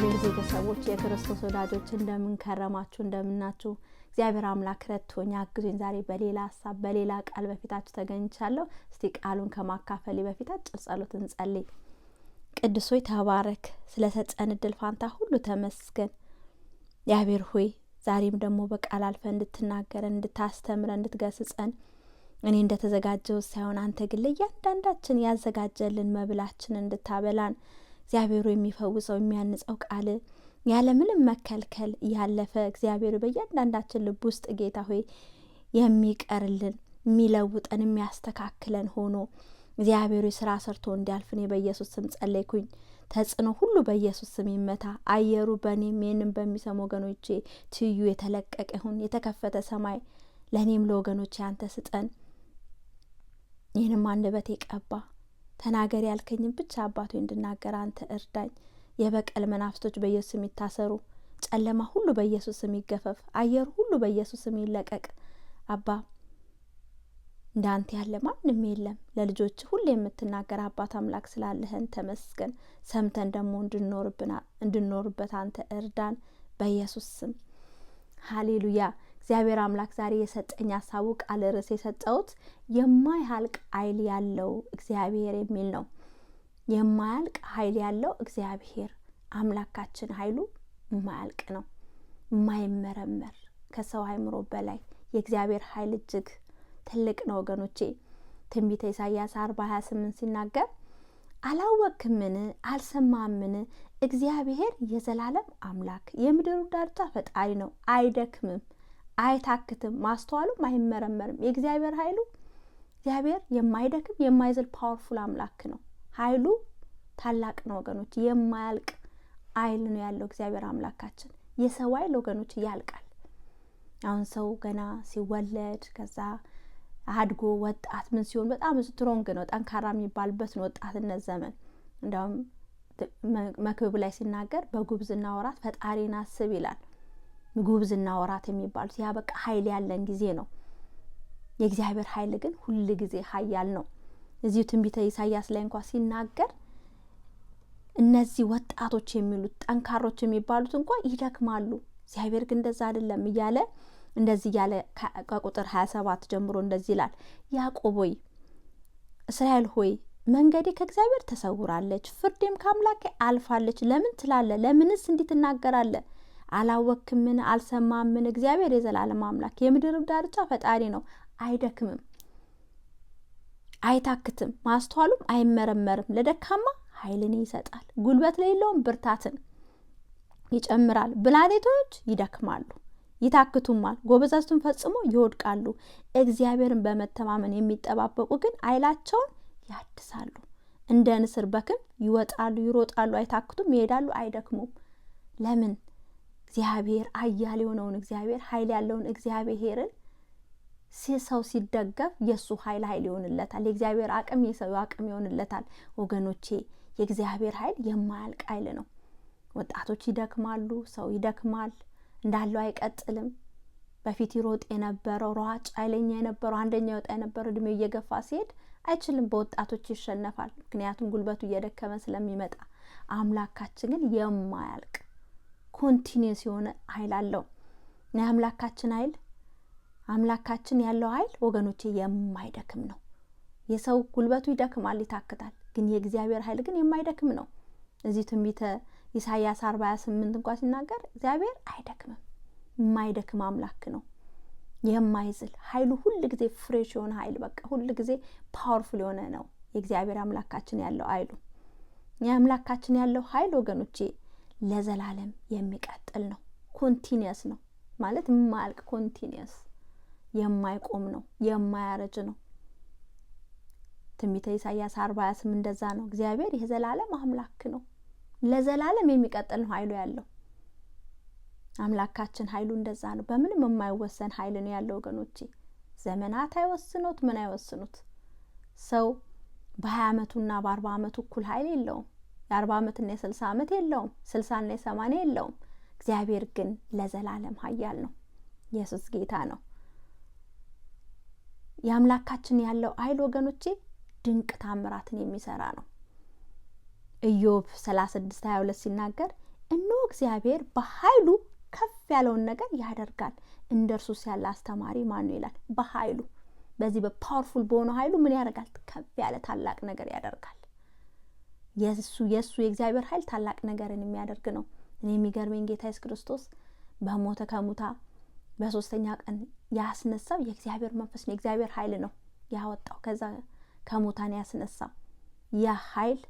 እግዚአብሔር ቤተሰቦች የክርስቶስ ወዳጆች እንደምንከረማችሁ እንደምናችሁ፣ እግዚአብሔር አምላክ ረድቶኝ አግዞኝ ዛሬ በሌላ ሀሳብ በሌላ ቃል በፊታችሁ ተገኝቻለሁ። እስቲ ቃሉን ከማካፈሌ በፊት አጭር ጸሎት እንጸልይ። ቅዱስ ሆይ ተባረክ፣ ሰጠን እድል ፋንታ ሁሉ ተመስገን። እግዚአብሔር ሆይ ዛሬም ደግሞ በቃል አልፈ እንድትናገረን፣ እንድታስተምረን፣ እንድትገስጸን እኔ እንደተዘጋጀው ሳይሆን አንተ ግን ለእያንዳንዳችን ያዘጋጀልን መብላችን እንድታበላን እግዚአብሔሩ የሚፈውሰው የሚያንጸው ቃል ያለ ምንም መከልከል ያለፈ እግዚአብሔሩ በእያንዳንዳችን ልብ ውስጥ ጌታ ሆይ የሚቀርልን የሚለውጠን የሚያስተካክለን ሆኖ እግዚአብሔሩ ስራ ሰርቶ እንዲያልፍ እኔ በኢየሱስ ስም ጸለይኩኝ። ተጽዕኖ ሁሉ በኢየሱስ ስም ይመታ። አየሩ በእኔም ይህንም በሚሰሙ ወገኖቼ ትዩ የተለቀቀ ይሁን። የተከፈተ ሰማይ ለእኔም ለወገኖቼ አንተ ስጠን። ይህንም አንደበቴ ቀባ ተናገር ያልከኝም ብቻ አባቶ እንድናገር አንተ እርዳኝ። የበቀል መናፍስቶች በኢየሱስ ስም ይታሰሩ። ጨለማ ሁሉ በኢየሱስ ስም ይገፈፍ። አየር ሁሉ በኢየሱስ ስም ይለቀቅ። አባ እንዳንተ ያለ ማንም የለም። ለልጆች ሁሉ የምትናገር አባት አምላክ ስላለህን ተመስገን። ሰምተን ደግሞ እንድንኖርበት አንተ እርዳን በኢየሱስ ስም። ሀሌሉያ እግዚአብሔር አምላክ ዛሬ የሰጠኝ ሀሳቡ ቃል ርዕስ የሰጠሁት የማያልቅ ኃይል ያለው እግዚአብሔር የሚል ነው። የማያልቅ ኃይል ያለው እግዚአብሔር አምላካችን ኃይሉ የማያልቅ ነው፣ የማይመረመር ከሰው አእምሮ በላይ የእግዚአብሔር ኃይል እጅግ ትልቅ ነው ወገኖቼ። ትንቢተ ኢሳያስ አርባ ሀያ ስምንት ሲናገር አላወቅምን? አልሰማምን? እግዚአብሔር የዘላለም አምላክ የምድሩ ዳርቻ ፈጣሪ ነው፣ አይደክምም አይታክትም፣ ማስተዋሉም አይመረመርም። የእግዚአብሔር ኃይሉ እግዚአብሔር የማይደክም የማይዝል ፓወርፉል አምላክ ነው። ኃይሉ ታላቅ ነው ወገኖች፣ የማያልቅ ኃይል ነው ያለው እግዚአብሔር አምላካችን። የሰው ኃይል ወገኖች ያልቃል። አሁን ሰው ገና ሲወለድ ከዛ አድጎ ወጣት ምን ሲሆን በጣም ስትሮንግ ነው ጠንካራ የሚባልበት ነው ወጣትነት ዘመን። እንዲያውም መክብብ ላይ ሲናገር በጉብዝና ወራት ፈጣሪን አስብ ይላል። ጉብዝና ወራት የሚባሉት ያ በቃ ኃይል ያለን ጊዜ ነው። የእግዚአብሔር ኃይል ግን ሁል ጊዜ ኃያል ነው። እዚሁ ትንቢተ ኢሳያስ ላይ እንኳ ሲናገር እነዚህ ወጣቶች የሚሉት ጠንካሮች የሚባሉት እንኳ ይደክማሉ፣ እግዚአብሔር ግን እንደዛ አይደለም እያለ እንደዚህ እያለ ከቁጥር ሀያ ሰባት ጀምሮ እንደዚህ ይላል። ያዕቆብ ሆይ እስራኤል ሆይ መንገዴ ከእግዚአብሔር ተሰውራለች፣ ፍርዴም ከአምላኬ አልፋለች ለምን ትላለ? ለምንስ እንዲህ ትናገራለህ? አላወክምን? አልሰማምን? እግዚአብሔር የዘላለም አምላክ የምድር ዳርቻ ፈጣሪ ነው። አይደክምም፣ አይታክትም፣ ማስተዋሉም አይመረመርም። ለደካማ ኃይልን ይሰጣል፣ ጉልበት ለሌለውም ብርታትን ይጨምራል። ብላቴቶች ይደክማሉ ይታክቱማል፣ ጎበዛዝቱን ፈጽሞ ይወድቃሉ። እግዚአብሔርን በመተማመን የሚጠባበቁ ግን ኃይላቸውን ያድሳሉ። እንደ ንስር በክንፍ ይወጣሉ፣ ይሮጣሉ፣ አይታክቱም፣ ይሄዳሉ፣ አይደክሙም። ለምን? እግዚአብሔር አያል የሆነውን እግዚአብሔር ኃይል ያለውን እግዚአብሔርን ሰው ሲደገፍ የእሱ ኃይል ኃይል ይሆንለታል። የእግዚአብሔር አቅም የሰው አቅም ይሆንለታል። ወገኖቼ የእግዚአብሔር ኃይል የማያልቅ ኃይል ነው። ወጣቶች ይደክማሉ፣ ሰው ይደክማል፣ እንዳለው አይቀጥልም። በፊት ይሮጥ የነበረው ሯጭ ኃይለኛ የነበረው አንደኛ ይወጣ የነበረው እድሜው እየገፋ ሲሄድ አይችልም፣ በወጣቶች ይሸነፋል። ምክንያቱም ጉልበቱ እየደከመ ስለሚመጣ አምላካችን ግን የማያልቅ ኮንቲኒስ የሆነ ኃይል አለው። የአምላካችን ኃይል አምላካችን ያለው ኃይል ወገኖቼ የማይደክም ነው። የሰው ጉልበቱ ይደክማል፣ ይታክታል። ግን የእግዚአብሔር ኃይል ግን የማይደክም ነው። እዚህ ትንቢተ ኢሳያስ አርባ ስምንት እንኳ ሲናገር እግዚአብሔር አይደክምም፣ የማይደክም አምላክ ነው። የማይዝል ኃይሉ ሁል ጊዜ ፍሬሽ የሆነ ኃይል በቃ ሁል ጊዜ ፓወርፉል የሆነ ነው የእግዚአብሔር አምላካችን ያለው ኃይሉ የአምላካችን ያለው ኃይል ወገኖቼ ለዘላለም የሚቀጥል ነው። ኮንቲኒየስ ነው ማለት የማያልቅ ኮንቲኒየስ፣ የማይቆም ነው፣ የማያረጅ ነው። ትንቢተ ኢሳያስ አርባ ስም እንደዛ ነው። እግዚአብሔር የዘላለም አምላክ ነው፣ ለዘላለም የሚቀጥል ነው ኃይሉ ያለው አምላካችን ኃይሉ እንደዛ ነው። በምንም የማይወሰን ኃይል ነው ያለው ወገኖቼ። ዘመናት አይወስኑት፣ ምን አይወስኑት። ሰው በሀያ አመቱና በአርባ አመቱ እኩል ኃይል የለውም። የአርባ ዓመትና የስልሳ ዓመት የለውም። ስልሳና የሰማንያ የለውም። እግዚአብሔር ግን ለዘላለም ኃያል ነው። ኢየሱስ ጌታ ነው። የአምላካችን ያለው ኃይል ወገኖቼ ድንቅ ታምራትን የሚሰራ ነው። ኢዮብ ሀያ 22 ሲናገር እኖ እግዚአብሔር በኃይሉ ከፍ ያለውን ነገር ያደርጋል፣ እንደ እርሱስ ያለ አስተማሪ ማን ነው ይላል። በኃይሉ በዚህ በፓወርፉል በሆነ ኃይሉ ምን ያደርጋል? ከፍ ያለ ታላቅ ነገር ያደርጋል። የሱ የእሱ የእግዚአብሔር ኃይል ታላቅ ነገርን የሚያደርግ ነው። እኔ የሚገርመኝ ጌታ ኢየሱስ ክርስቶስ በሞተ ከሙታ በሶስተኛ ቀን ያስነሳው የእግዚአብሔር መንፈስ ነው፣ የእግዚአብሔር ኃይል ነው ያወጣው። ከዛ ከሙታን ያስነሳው ያ ኃይል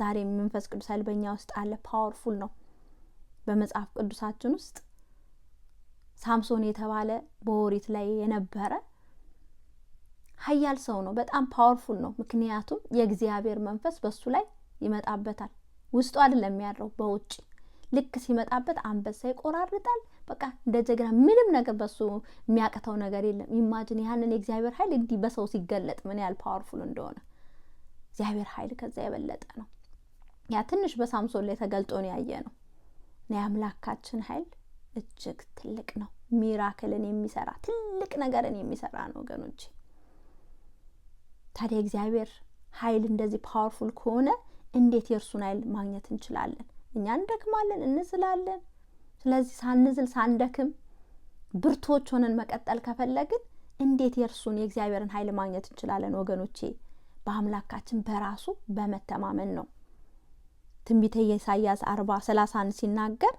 ዛሬ መንፈስ ቅዱስ ኃይል በእኛ ውስጥ አለ። ፓወርፉል ነው። በመጽሐፍ ቅዱሳችን ውስጥ ሳምሶን የተባለ በወሪት ላይ የነበረ ኃያል ሰው ነው። በጣም ፓወርፉል ነው። ምክንያቱም የእግዚአብሔር መንፈስ በሱ ላይ ይመጣበታል። ውስጡ አይደለም ያለው በውጭ ልክ ሲመጣበት አንበሳ ይቆራርጣል። በቃ እንደ ጀግና ምንም ነገር በሱ የሚያቅተው ነገር የለም። ኢማጅን ያንን የእግዚአብሔር ኃይል እንዲህ በሰው ሲገለጥ ምን ያህል ፓወርፉል እንደሆነ እግዚአብሔር ኃይል ከዛ የበለጠ ነው። ያ ትንሽ በሳምሶን ላይ ተገልጦን ያየ ነው። የአምላካችን ኃይል እጅግ ትልቅ ነው። ሚራክልን የሚሰራ ትልቅ ነገርን የሚሰራ ነው ወገኖች። ታዲያ እግዚአብሔር ኃይል እንደዚህ ፓወርፉል ከሆነ እንዴት የእርሱን ኃይል ማግኘት እንችላለን? እኛ እንደክማለን፣ እንዝላለን። ስለዚህ ሳንዝል ሳንደክም ብርቶች ሆነን መቀጠል ከፈለግን እንዴት የእርሱን የእግዚአብሔርን ኃይል ማግኘት እንችላለን? ወገኖቼ በአምላካችን በራሱ በመተማመን ነው። ትንቢተ ኢሳይያስ አርባ ሰላሳን ሲናገር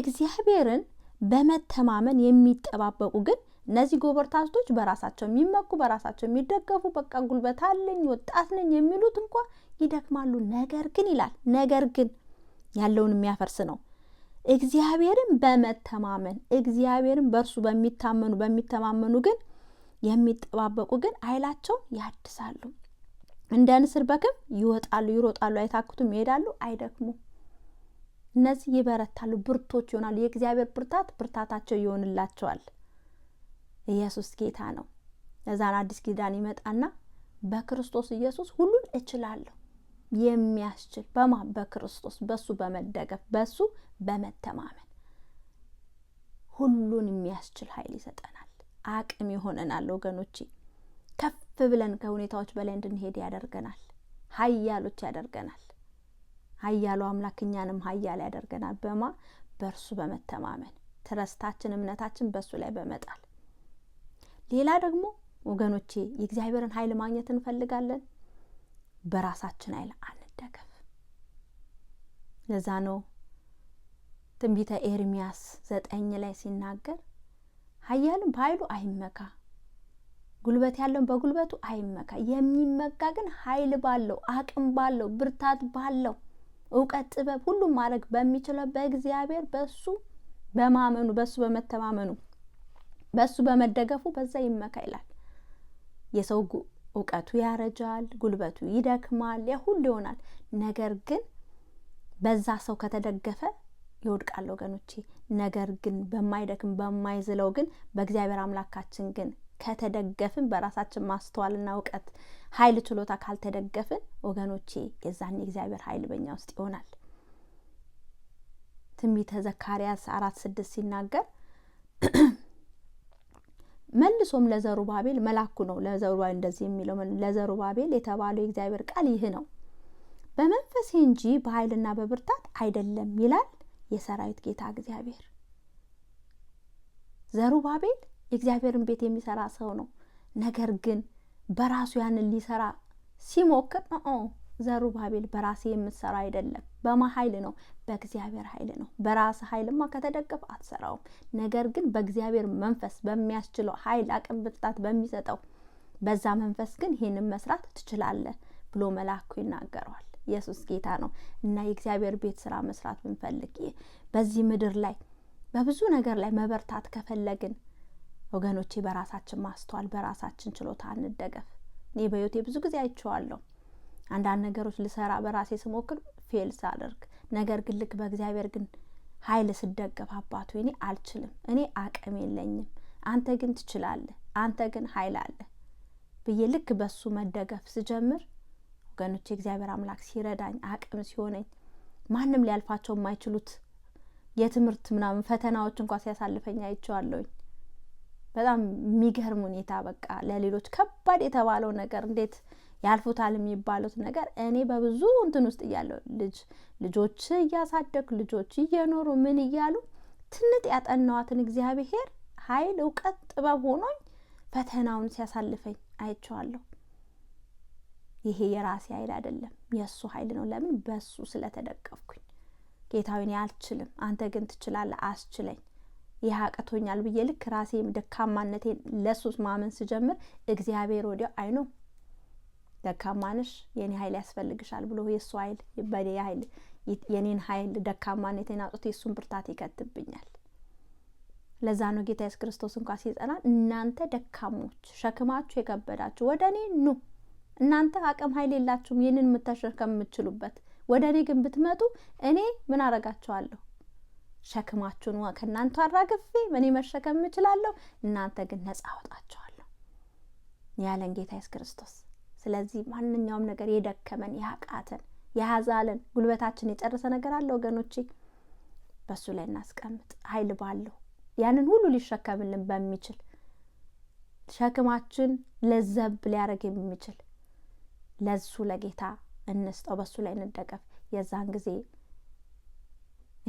እግዚአብሔርን በመተማመን የሚጠባበቁ ግን እነዚህ ጎበርታቶች በራሳቸው የሚመኩ በራሳቸው የሚደገፉ በቃ ጉልበት አለኝ ወጣት ነኝ የሚሉት እንኳ ይደክማሉ። ነገር ግን ይላል ነገር ግን ያለውን የሚያፈርስ ነው። እግዚአብሔርን በመተማመን እግዚአብሔርን በእርሱ በሚታመኑ በሚተማመኑ ግን የሚጠባበቁ ግን ኃይላቸውን ያድሳሉ። እንደ ንስር በክም ይወጣሉ፣ ይሮጣሉ፣ አይታክቱም፣ ይሄዳሉ፣ አይደክሙም። እነዚህ ይበረታሉ፣ ብርቶች ይሆናሉ። የእግዚአብሔር ብርታት ብርታታቸው ይሆንላቸዋል። ኢየሱስ ጌታ ነው። ለዛን አዲስ ኪዳን ይመጣና በክርስቶስ ኢየሱስ ሁሉን እችላለሁ የሚያስችል በማ በክርስቶስ በሱ በመደገፍ በሱ በመተማመን ሁሉን የሚያስችል ኃይል ይሰጠናል፣ አቅም ይሆነናል። ወገኖቼ ከፍ ብለን ከሁኔታዎች በላይ እንድንሄድ ያደርገናል፣ ኃያሎች ያደርገናል። ኃያሉ አምላክ እኛንም ኃያል ያደርገናል። በማ በእርሱ በመተማመን ትረስታችን እምነታችን በእሱ ላይ በመጣል ሌላ ደግሞ ወገኖቼ የእግዚአብሔርን ኃይል ማግኘት እንፈልጋለን። በራሳችን ኃይል አንደገፍ። ለዛ ነው ትንቢተ ኤርሚያስ ዘጠኝ ላይ ሲናገር ኃያልም በኃይሉ አይመካ፣ ጉልበት ያለውን በጉልበቱ አይመካ፣ የሚመካ ግን ኃይል ባለው አቅም ባለው ብርታት ባለው እውቀት፣ ጥበብ ሁሉም ማድረግ በሚችለው በእግዚአብሔር በሱ በማመኑ በሱ በመተማመኑ በእሱ በመደገፉ በዛ ይመካ ይላል። የሰው እውቀቱ ያረጃል፣ ጉልበቱ ይደክማል፣ ሁሉ ይሆናል። ነገር ግን በዛ ሰው ከተደገፈ ይወድቃል ወገኖቼ። ነገር ግን በማይደክም በማይዝለው ግን በእግዚአብሔር አምላካችን ግን ከተደገፍን በራሳችን ማስተዋልና እውቀት ኃይል ችሎታ ካልተደገፍን ወገኖቼ የዛን የእግዚአብሔር ኃይል በኛ ውስጥ ይሆናል። ትንቢተ ዘካርያስ አራት ስድስት ሲናገር መልሶም ለዘሩባቤል መላኩ ነው ለዘሩባቤል እንደዚህ የሚለው ለዘሩባቤል የተባለው የእግዚአብሔር ቃል ይህ ነው፣ በመንፈሴ እንጂ በኃይልና በብርታት አይደለም ይላል የሰራዊት ጌታ እግዚአብሔር። ዘሩባቤል የእግዚአብሔርን ቤት የሚሰራ ሰው ነው። ነገር ግን በራሱ ያንን ሊሰራ ሲሞክር ዘሩባቤል በራሴ የምትሰራ አይደለም። በማ ኃይል ነው? በእግዚአብሔር ኃይል ነው። በራስ ኃይልማ ከተደገፍ አትሰራውም። ነገር ግን በእግዚአብሔር መንፈስ በሚያስችለው ኃይል አቅም፣ ብርታት በሚሰጠው በዛ መንፈስ ግን ይህንን መስራት ትችላለህ ብሎ መልአኩ ይናገረዋል። ኢየሱስ ጌታ ነው እና የእግዚአብሔር ቤት ስራ መስራት ብንፈልግ በዚህ ምድር ላይ በብዙ ነገር ላይ መበርታት ከፈለግን ወገኖቼ በራሳችን ማስተዋል በራሳችን ችሎታ አንደገፍ። እኔ በህይወቴ ብዙ ጊዜ አይቼዋለሁ። አንዳንድ ነገሮች ልሰራ በራሴ ስሞክር ፌል ሳደርግ፣ ነገር ግን ልክ በእግዚአብሔር ግን ኃይል ስደገፍ አባቱ እኔ አልችልም፣ እኔ አቅም የለኝም፣ አንተ ግን ትችላለህ፣ አንተ ግን ኃይል አለ ብዬ ልክ በሱ መደገፍ ስጀምር ወገኖች የእግዚአብሔር አምላክ ሲረዳኝ አቅም ሲሆነኝ ማንም ሊያልፋቸው የማይችሉት የትምህርት ምናምን ፈተናዎች እንኳ ሲያሳልፈኝ አይቼዋለሁኝ። በጣም የሚገርም ሁኔታ በቃ ለሌሎች ከባድ የተባለው ነገር እንዴት ያልፉታል የሚባሉት ነገር እኔ በብዙ እንትን ውስጥ እያለሁ ልጅ ልጆች እያሳደግ ልጆች እየኖሩ ምን እያሉ ትንጥ ያጠናዋትን እግዚአብሔር ኃይል እውቀት ጥበብ ሆኖኝ ፈተናውን ሲያሳልፈኝ አይቼዋለሁ። ይሄ የራሴ ኃይል አይደለም፣ የእሱ ኃይል ነው። ለምን በሱ ስለተደቀፍኩኝ ጌታዊን አልችልም፣ አንተ ግን ትችላለህ፣ አስችለኝ ይህ አቅቶኛል ብዬ ልክ ራሴ ደካማነቴን ለሱስ ማመን ስጀምር እግዚአብሔር ወዲያው አይኖ ደካማንሽ የኔ ኃይል ያስፈልግሻል ብሎ የእሱ ኃይል በኔ ኃይል የኔን ኃይል ደካማነቴን አውጥቶ የእሱን ብርታት ይከትብኛል። ለዛ ነው ጌታ ኢየሱስ ክርስቶስ እንኳ ሲጸና እናንተ ደካሞች ሸክማችሁ የከበዳችሁ ወደ እኔ ኑ፣ እናንተ አቅም ኃይል የላችሁም ይህንን የምተሸከም የምችሉበት ወደ እኔ ግን ብትመጡ እኔ ምን አረጋችኋለሁ? ሸክማችሁን ከእናንተ አራግፌ እኔ መሸከም እችላለሁ፣ እናንተ ግን ነጻ አወጣችኋለሁ ያለን ጌታ ኢየሱስ ክርስቶስ ስለዚህ ማንኛውም ነገር የደከመን፣ ያቃተን፣ የያዛለን ጉልበታችን የጨረሰ ነገር አለ ወገኖቼ፣ በሱ ላይ እናስቀምጥ። ኃይል ባለው ያንን ሁሉ ሊሸከምልን በሚችል ሸክማችን ለዘብ ሊያደርግ የሚችል ለሱ ለጌታ እንስጠው፣ በሱ ላይ እንደገፍ። የዛን ጊዜ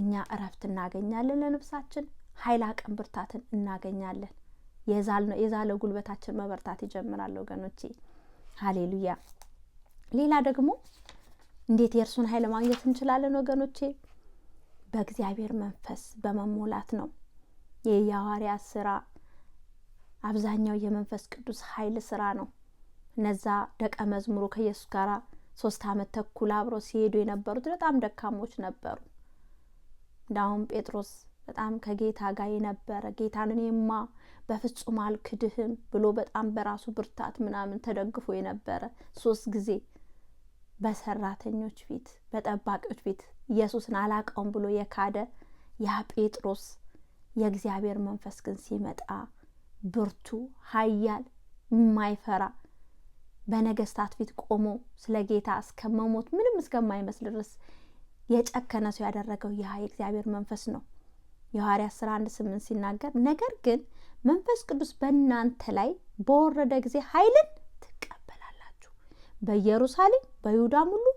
እኛ እረፍት እናገኛለን፣ ለነፍሳችን ኃይል፣ አቅም፣ ብርታትን እናገኛለን። የዛለው ጉልበታችን መበርታት ይጀምራል ወገኖቼ። ሀሌሉያ። ሌላ ደግሞ እንዴት የእርሱን ኃይል ማግኘት እንችላለን ወገኖቼ? በእግዚአብሔር መንፈስ በመሞላት ነው። የሐዋርያ ስራ አብዛኛው የመንፈስ ቅዱስ ኃይል ስራ ነው። እነዛ ደቀ መዝሙሩ ከኢየሱስ ጋር ሶስት አመት ተኩል አብረው ሲሄዱ የነበሩት በጣም ደካሞች ነበሩ። እንዳሁን ጴጥሮስ በጣም ከጌታ ጋር የነበረ ጌታን እኔማ በፍጹም አልክድህም ብሎ በጣም በራሱ ብርታት ምናምን ተደግፎ የነበረ ሶስት ጊዜ በሰራተኞች ፊት በጠባቂዎች ፊት ኢየሱስን አላቀውም ብሎ የካደ ያ ጴጥሮስ የእግዚአብሔር መንፈስ ግን ሲመጣ ብርቱ ኃያል የማይፈራ በነገስታት ፊት ቆሞ ስለ ጌታ እስከ መሞት ምንም እስከማይመስል ድረስ የጨከነ ሰው ያደረገው ይህ የእግዚአብሔር መንፈስ ነው። የሐዋርያት ሥራ አንድ ስምንት ሲናገር ነገር ግን መንፈስ ቅዱስ በእናንተ ላይ በወረደ ጊዜ ኃይልን ትቀበላላችሁ፣ በኢየሩሳሌም በይሁዳም ሁሉ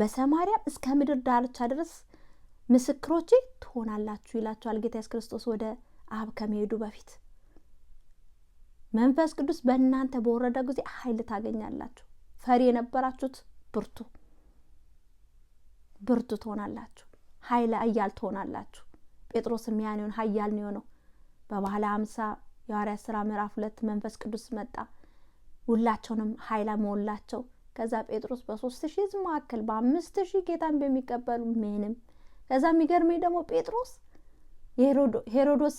በሰማርያም እስከ ምድር ዳርቻ ድረስ ምስክሮቼ ትሆናላችሁ ይላችኋል ጌታ ኢየሱስ ክርስቶስ ወደ አብ ከመሄዱ በፊት። መንፈስ ቅዱስ በእናንተ በወረደ ጊዜ ኃይል ታገኛላችሁ። ፈሪ የነበራችሁት ብርቱ ብርቱ ትሆናላችሁ። ኃይለ አያል ትሆናላችሁ። ጴጥሮስ ያን ሀያል ነው የሆነው። በባህለ አምሳ የሐዋርያት ስራ ምዕራፍ ሁለት መንፈስ ቅዱስ መጣ፣ ሁላቸውንም ኃይል ሞላቸው። ከዛ ጴጥሮስ በሶስት ሺህ ህዝብ መካከል በአምስት ሺህ ጌታን በሚቀበሉ ምንም። ከዛ የሚገርመኝ ደግሞ ጴጥሮስ ሄሮዶስ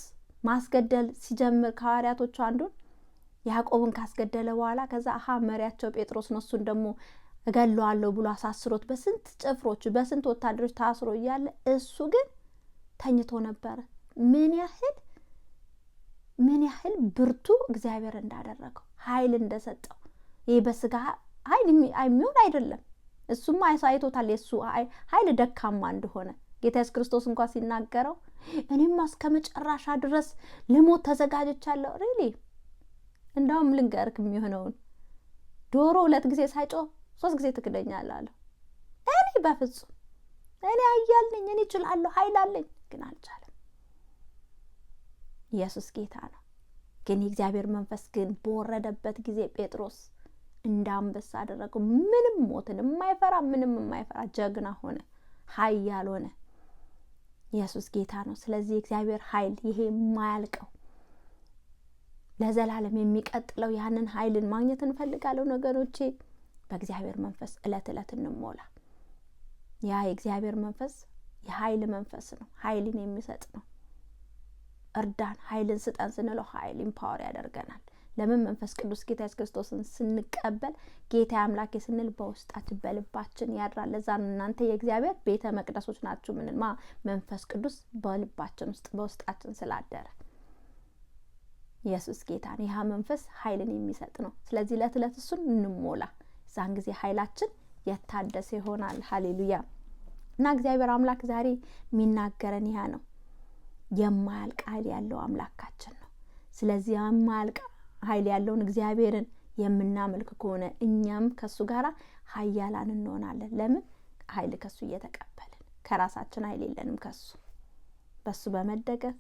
ማስገደል ሲጀምር ከሐዋርያቶቹ አንዱን ያዕቆብን ካስገደለ በኋላ ከዛ አሀ መሪያቸው ጴጥሮስ ነው፣ እሱን ደግሞ እገለዋለሁ ብሎ አሳስሮት በስንት ጭፍሮቹ በስንት ወታደሮች ታስሮ እያለ እሱ ግን ተኝቶ ነበረ። ምን ያህል ምን ያህል ብርቱ እግዚአብሔር እንዳደረገው ኃይል እንደሰጠው ይህ በስጋ ኃይል የሚሆን አይደለም። እሱማ አይቶታል የእሱ ኃይል ደካማ እንደሆነ ጌታ ኢየሱስ ክርስቶስ እንኳ ሲናገረው እኔማ እስከ መጨረሻ ድረስ ልሞት ተዘጋጅቻለሁ። ሪሊ እንዳውም ልንገርክ የሚሆነውን ዶሮ ሁለት ጊዜ ሳይጮ ሶስት ጊዜ ትክደኛል አለው። እኔ በፍጹም እኔ አያልነኝ እኔ እችላለሁ ኃይል አለኝ ግን አልቻለም። ኢየሱስ ጌታ ነው። ግን የእግዚአብሔር መንፈስ ግን በወረደበት ጊዜ ጴጥሮስ እንደ አንበሳ አደረገው። ምንም ሞትን የማይፈራ ምንም የማይፈራ ጀግና ሆነ፣ ኃያል ሆነ። ኢየሱስ ጌታ ነው። ስለዚህ የእግዚአብሔር ኃይል ይሄ የማያልቀው ለዘላለም የሚቀጥለው ያንን ኃይልን ማግኘት እንፈልጋለሁ ወገኖቼ። በእግዚአብሔር መንፈስ እለት እለት እንሞላ። ያ የእግዚአብሔር መንፈስ የኃይል መንፈስ ነው። ኃይልን የሚሰጥ ነው። እርዳን፣ ኃይልን ስጠን ስንለው ኃይል ኢምፓወር ያደርገናል። ለምን መንፈስ ቅዱስ ጌታ ኢየሱስ ክርስቶስን ስንቀበል ጌታ አምላኬ ስንል በውስጣችን በልባችን ያድራል። ለዛ እናንተ የእግዚአብሔር ቤተ መቅደሶች ናችሁ። ምንማ መንፈስ ቅዱስ በልባችን ውስጥ በውስጣችን ስላደረ ኢየሱስ ጌታ ይህ መንፈስ ኃይልን የሚሰጥ ነው። ስለዚህ ለት ለት እሱን እንሞላ። እዛን ጊዜ ኃይላችን የታደሰ ይሆናል። ሀሌሉያ እና እግዚአብሔር አምላክ ዛሬ የሚናገረን ይሄ ነው። የማያልቅ ቃል ያለው አምላካችን ነው። ስለዚህ የማያል ኃይል ያለውን እግዚአብሔርን የምናመልክ ከሆነ እኛም ከሱ ጋር ኃያላን እንሆናለን። ለምን ኃይል ከሱ እየተቀበልን ከራሳችን ኃይል የለንም። ከሱ በሱ በመደገፍ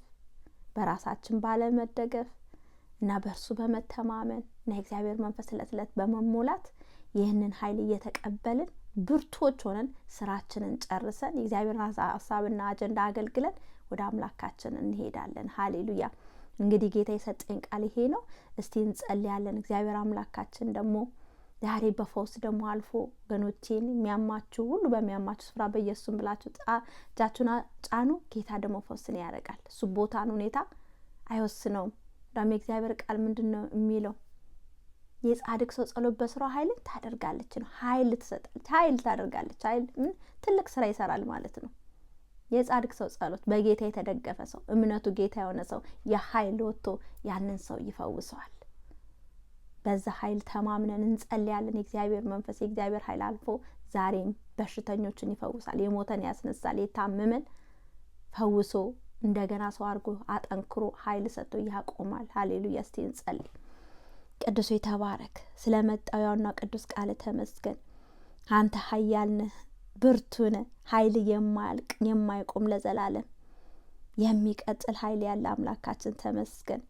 በራሳችን ባለመደገፍ እና በእርሱ በመተማመን እና የእግዚአብሔር መንፈስ ዕለት ዕለት በመሞላት ይህንን ኃይል እየተቀበልን ብርቶች ሆነን ስራችንን ጨርሰን የእግዚአብሔርን ሀሳብና አጀንዳ አገልግለን ወደ አምላካችን እንሄዳለን። ሀሌሉያ። እንግዲህ ጌታ የሰጠኝ ቃል ይሄ ነው። እስቲ እንጸልያለን። እግዚአብሔር አምላካችን ደግሞ ዛሬ በፈውስ ደግሞ አልፎ ወገኖቼን የሚያማችሁ ሁሉ በሚያማችሁ ስፍራ በኢየሱስም ብላችሁ እጃችሁን ጫኑ። ጌታ ደግሞ ፈውስን ያደርጋል። እሱ ቦታን ሁኔታ አይወስነውም። ዳም የእግዚአብሔር ቃል ምንድን ነው የሚለው? የጻድቅ ሰው ጸሎት በስራ ኃይል ታደርጋለች ነው። ኃይል ትሰጣለች፣ ኃይል ታደርጋለች። ኃይል ምን ትልቅ ስራ ይሰራል ማለት ነው። የጻድቅ ሰው ጸሎት በጌታ የተደገፈ ሰው እምነቱ ጌታ የሆነ ሰው የኃይል ወጥቶ ያንን ሰው ይፈውሰዋል። በዛ ኃይል ተማምነን እንጸልያለን። የእግዚአብሔር መንፈስ የእግዚአብሔር ኃይል አልፎ ዛሬም በሽተኞችን ይፈውሳል፣ የሞተን ያስነሳል፣ የታመመን ፈውሶ እንደገና ሰው አድርጎ አጠንክሮ ኃይል ሰጥቶ ያቆማል። ሀሌሉያ። እስቲ እንጸልይ። ቅዱስ የተባረክ ስለ መጣው ያውና ቅዱስ ቃል ተመስገን። አንተ ኃያል ብርቱነ ብርቱ ኃይል የማያልቅ የማይቆም ለዘላለም የሚቀጥል ኃይል ያለ አምላካችን ተመስገን።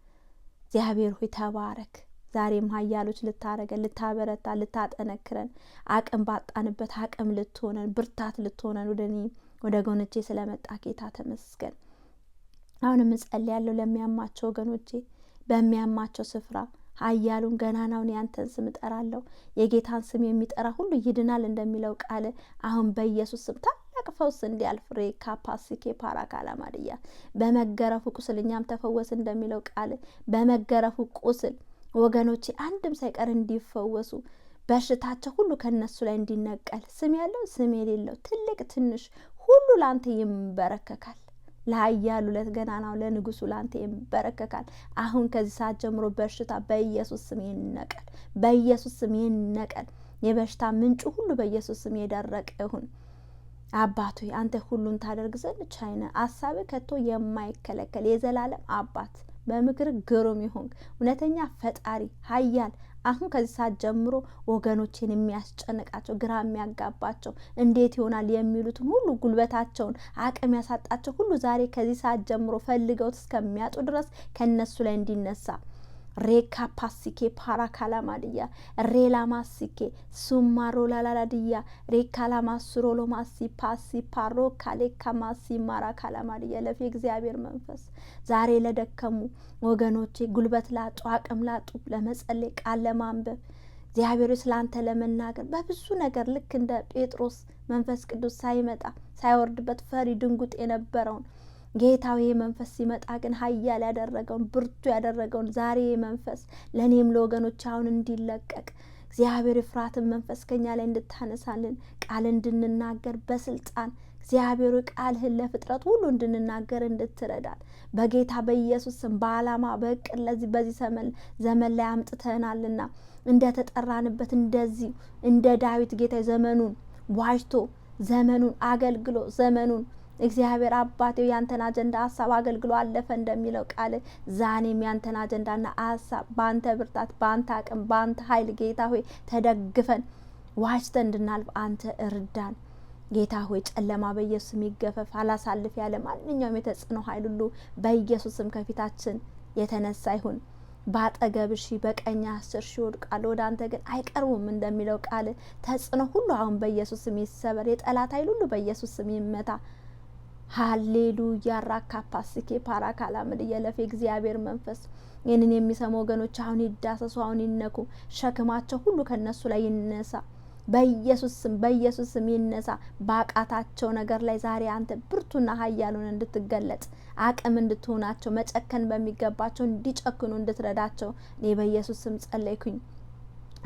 እግዚአብሔር ሆይ ተባረክ። ዛሬም ሀያሎች ልታረገን፣ ልታበረታ፣ ልታጠነክረን አቅም ባጣንበት አቅም ልትሆነን ብርታት ልትሆነን ወደ እኔ ወደ ጎኖቼ ስለመጣ ጌታ ተመስገን። አሁንም እጸልያለሁ ለሚያማቸው ወገኖቼ በሚያማቸው ስፍራ ኃያሉን ገናናውን ያንተን ስም እጠራለሁ። የጌታን ስም የሚጠራ ሁሉ ይድናል እንደሚለው ቃል አሁን በኢየሱስ ስም ታላቅ ፈውስ እንዲያልፍ ሬ ካፓሲኬ ፓራ በመገረፉ ቁስል እኛም ተፈወስ እንደሚለው ቃል በመገረፉ ቁስል ወገኖቼ አንድም ሳይቀር እንዲፈወሱ በሽታቸው ሁሉ ከነሱ ላይ እንዲነቀል ስም ያለው ስም የሌለው ትልቅ ትንሽ ሁሉ ለአንተ ይንበረከካል። ለኃያሉ ለገናናው ለንጉሱ ላንተ ይንበረከካል። አሁን ከዚህ ሰዓት ጀምሮ በሽታ በኢየሱስ ስም ይነቀል፣ በኢየሱስ ስም ይነቀል። የበሽታ ምንጩ ሁሉ በኢየሱስ ስም የደረቀ ይሁን። አባቱ አንተ ሁሉን ታደርግ ዘንድ ቻይነ አሳብ ከቶ የማይከለከል የዘላለም አባት በምክር ግሩም ይሆን እውነተኛ ፈጣሪ ኃያል አሁን ከዚህ ሰዓት ጀምሮ ወገኖችን የሚያስጨንቃቸው ግራ የሚያጋባቸው እንዴት ይሆናል የሚሉትን ሁሉ ጉልበታቸውን አቅም ያሳጣቸው ሁሉ ዛሬ ከዚህ ሰዓት ጀምሮ ፈልገውት እስከሚያጡ ድረስ ከነሱ ላይ እንዲነሳ ሬካፓሲኬ ፓራካላማድያ ሬላማሲኬ ሱማሮ ላላላድያ ሬካላማስሮሎማሲ ፓሲ ፓሮ ካሌካማሲ ማራካላማድያ ለፊ እግዚአብሔር መንፈስ ዛሬ ለደከሙ ወገኖቼ ጉልበት ላጡ አቅም ላጡ ለመጸለይ ቃል ለማንበብ እግዚአብሔር ስላንተ ለመናገር በብዙ ነገር ልክ እንደ ጴጥሮስ መንፈስ ቅዱስ ሳይመጣ ሳይወርድበት ፈሪ ድንጉጥ የነበረውን ጌታዊ መንፈስ ሲመጣ ግን ኃያል ያደረገውን ብርቱ ያደረገውን ዛሬ መንፈስ ለእኔም ለወገኖች አሁን እንዲለቀቅ እግዚአብሔር የፍርሃትን መንፈስ ከኛ ላይ እንድታነሳልን ቃል እንድንናገር በስልጣን እግዚአብሔር ቃልህን ለፍጥረት ሁሉ እንድንናገር እንድትረዳል በጌታ በኢየሱስ ስም በዓላማ ለዚህ በዚህ ዘመን ላይ አምጥተናልና እንደተጠራንበት እንደዚሁ እንደ ዳዊት ጌታ ዘመኑን ዋጅቶ ዘመኑን አገልግሎ ዘመኑን እግዚአብሔር አባቴው ያንተን አጀንዳ ሀሳብ አገልግሎ አለፈ እንደሚለው ቃል ዛኔም ያንተን አጀንዳና ሀሳብ በአንተ ብርታት፣ በአንተ አቅም፣ በአንተ ኃይል ጌታ ሆይ ተደግፈን ዋጅተን እንድናልፍ አንተ እርዳን። ጌታ ሆይ ጨለማ በኢየሱስም ይገፈፍ። አላሳልፍ ያለ ማንኛውም የተጽዕኖ ኃይል ሁሉ በኢየሱስም ከፊታችን የተነሳ ይሁን። በአጠገብ ሺ በቀኝ አስር ሺ ይወድቃሉ፣ ወደ አንተ ግን አይቀርቡም እንደሚለው ቃል ተጽዕኖ ሁሉ አሁን በኢየሱስም ይሰበር። የጠላት ኃይል ሁሉ በኢየሱስም ይመታ። ሀሌሉያ ራካፓስኬ ፓራካላምድ የለፈ እግዚአብሔር መንፈስ ይህንን የሚሰሙ ወገኖች አሁን ይዳሰሱ፣ አሁን ይነኩ። ሸክማቸው ሁሉ ከነሱ ላይ ይነሳ፣ በኢየሱስ ስም፣ በኢየሱስ ስም ይነሳ። በአቃታቸው ነገር ላይ ዛሬ አንተ ብርቱና ኃያሉን እንድትገለጥ አቅም እንድትሆናቸው መጨከን በሚገባቸው እንዲጨክኑ እንድትረዳቸው እኔ በኢየሱስ ስም ጸለይኩኝ።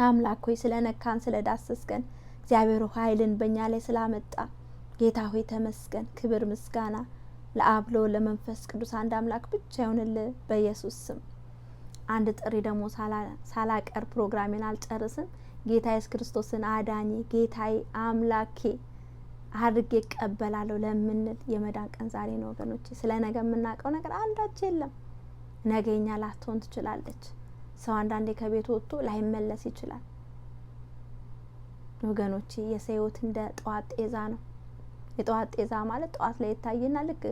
አምላክ ሆይ ስለ ነካን ስለ ዳሰስከን እግዚአብሔር ኃይልን በእኛ ላይ ስላመጣ ጌታ ሆይ ተመስገን። ክብር ምስጋና ለአብ ለወልድ ለመንፈስ ቅዱስ አንድ አምላክ ብቻ ይሁንልህ በኢየሱስ ስም። አንድ ጥሪ ደግሞ ሳላቀር ፕሮግራሜን አልጨርስም። ጌታ ኢየሱስ ክርስቶስን አዳኝ ጌታዬ አምላኬ አድርጌ እቀበላለሁ ለምንል የመዳን ቀን ዛሬ ነው ወገኖቼ። ስለ ነገ የምናውቀው ነገር አንዳች የለም። ነገኛ ላትሆን ትችላለች። ሰው አንዳንዴ ከቤት ወጥቶ ላይመለስ ይችላል። ወገኖቼ የሰው እንደ ጠዋት ጤዛ ነው። የጠዋት ጤዛ ማለት ጠዋት ላይ ይታየና ልክ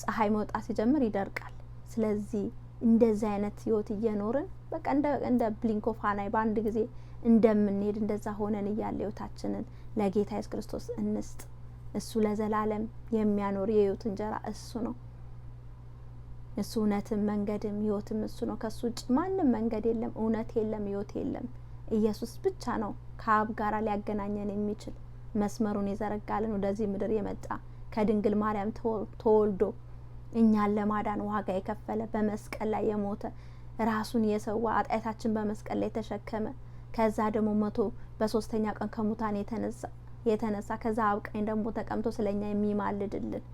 ፀሐይ መውጣት ሲጀምር ይደርቃል። ስለዚህ እንደዚህ አይነት ህይወት እየኖርን በቃ እንደ ብሊንኮ ፋናይ በአንድ ጊዜ እንደምንሄድ እንደዛ ሆነን እያለ ህይወታችንን ለጌታ ኢየሱስ ክርስቶስ እንስጥ። እሱ ለዘላለም የሚያኖር የህይወት እንጀራ እሱ ነው። እሱ እውነትም መንገድም ህይወትም እሱ ነው። ከእሱ ውጭ ማንም መንገድ የለም፣ እውነት የለም፣ ህይወት የለም። ኢየሱስ ብቻ ነው ከአብ ጋራ ሊያገናኘን የሚችል መስመሩን የዘረጋልን ወደዚህ ምድር የመጣ ከድንግል ማርያም ተወልዶ እኛን ለማዳን ዋጋ የከፈለ በመስቀል ላይ የሞተ ራሱን የሰዋ ኃጢአታችን በመስቀል ላይ የተሸከመ ከዛ ደግሞ መቶ በሶስተኛ ቀን ከሙታን የተነሳ ከዛ አብቀኝ ደግሞ ተቀምጦ ስለኛ የሚማልድልን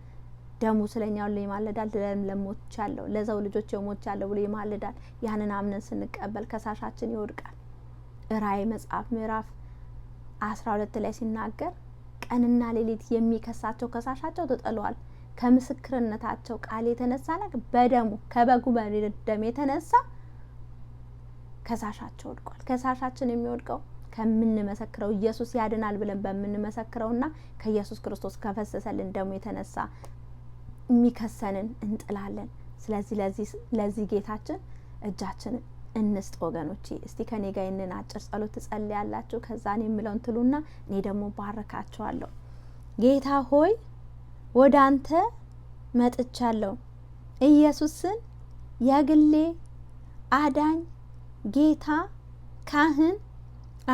ደሙ ስለኛ ሁሉ ይማልዳል። ለሞች አለው ለዘው ልጆች የሞች አለው ብሎ ይማልዳል። ያንን አምነን ስንቀበል ከሳሻችን ይወድቃል። ራእይ መጽሐፍ ምዕራፍ አስራ ሁለት ላይ ሲናገር ቀንና ሌሊት የሚከሳቸው ከሳሻቸው ተጥለዋል። ከምስክርነታቸው ቃል የተነሳ ላግ በደሙ ከበጉ ደም የተነሳ ከሳሻቸው ወድቋል። ከሳሻችን የሚወድቀው ከምንመሰክረው ኢየሱስ ያድናል ብለን በምንመሰክረውና ከኢየሱስ ክርስቶስ ከፈሰሰልን ደሙ የተነሳ የሚከሰንን እንጥላለን። ስለዚህ ለዚህ ጌታችን እጃችንን እንስጥ ወገኖቼ። እስቲ ከኔ ጋር ይንን አጭር ጸሎት ትጸልያላችሁ። ከዛ እኔ የምለውን ትሉና እኔ ደግሞ ባረካችኋለሁ። ጌታ ሆይ ወደ አንተ መጥቻለሁ። ኢየሱስን የግሌ አዳኝ ጌታ ካህን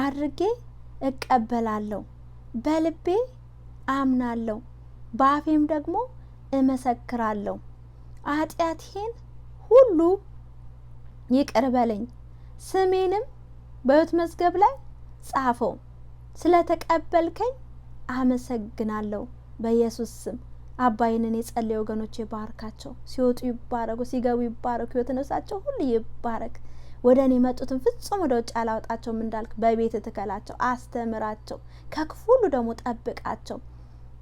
አድርጌ እቀበላለሁ። በልቤ አምናለሁ፣ በአፌም ደግሞ እመሰክራለሁ። ኃጢአቴን ሁሉ ይቅር በለኝ፣ ስሜንም በሕይወት መዝገብ ላይ ጻፈው። ተቀበልከኝ አመሰግናለሁ። በኢየሱስ ስም አባይንን የጸለዩ ወገኖች ይባርካቸው። ሲወጡ ይባረኩ፣ ሲገቡ ይባረኩ። ህይወት ነፍሳቸው ሁሉ ይባረክ። ወደ እኔ መጡትን ፍጹም ወደ ውጭ አላወጣቸውም እንዳልክ በቤት ትከላቸው፣ አስተምራቸው፣ ከክፉ ሁሉ ደግሞ ጠብቃቸው።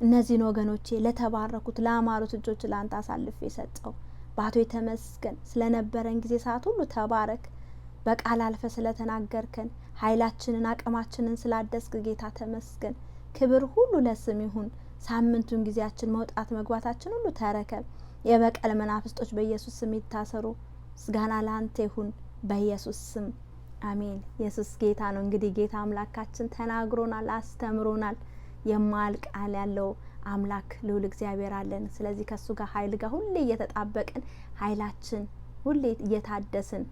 እነዚህን ወገኖቼ ለተባረኩት ለአማሩት እጆች ለአንተ አሳልፌ ሰጠው። አባቶ የተመስገን ስለነበረን ጊዜ ሰዓት ሁሉ ተባረክ። በቃል አልፈ ስለተናገርከን ኃይላችንን አቅማችንን ስላደስክ ጌታ ተመስገን። ክብር ሁሉ ለስም ይሁን። ሳምንቱን ጊዜያችን መውጣት መግባታችን ሁሉ ተረከብ። የበቀል መናፍስቶች በኢየሱስ ስም ይታሰሩ። ምስጋና ለአንተ ይሁን በኢየሱስ ስም አሜን። ኢየሱስ ጌታ ነው። እንግዲህ ጌታ አምላካችን ተናግሮናል፣ አስተምሮናል። የማያልቅ ቃል ያለው አምላክ ልዑል እግዚአብሔር አለን። ስለዚህ ከእሱ ጋር ኃይል ጋር ሁሌ እየተጣበቅን ኃይላችን ሁሌ እየታደስን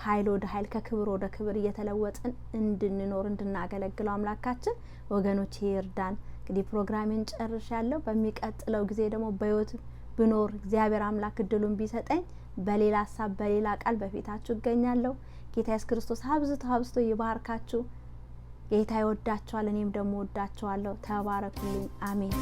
ከኃይል ወደ ኃይል ከክብር ወደ ክብር እየተለወጥን እንድንኖር እንድናገለግለው አምላካችን ወገኖች ይርዳን። እንግዲህ ፕሮግራሜን ጨርሽ ያለው በሚቀጥለው ጊዜ ደግሞ በህይወት ብኖር እግዚአብሔር አምላክ እድሉን ቢሰጠኝ በሌላ ሀሳብ በሌላ ቃል በፊታችሁ እገኛለሁ። ጌታ ኢየሱስ ክርስቶስ ሀብዝቶ ሀብዝቶ ይባርካችሁ። ጌታ ይወዳቸዋል፣ እኔም ደግሞ ወዳቸዋለሁ። ተባረኩልኝ። አሜን።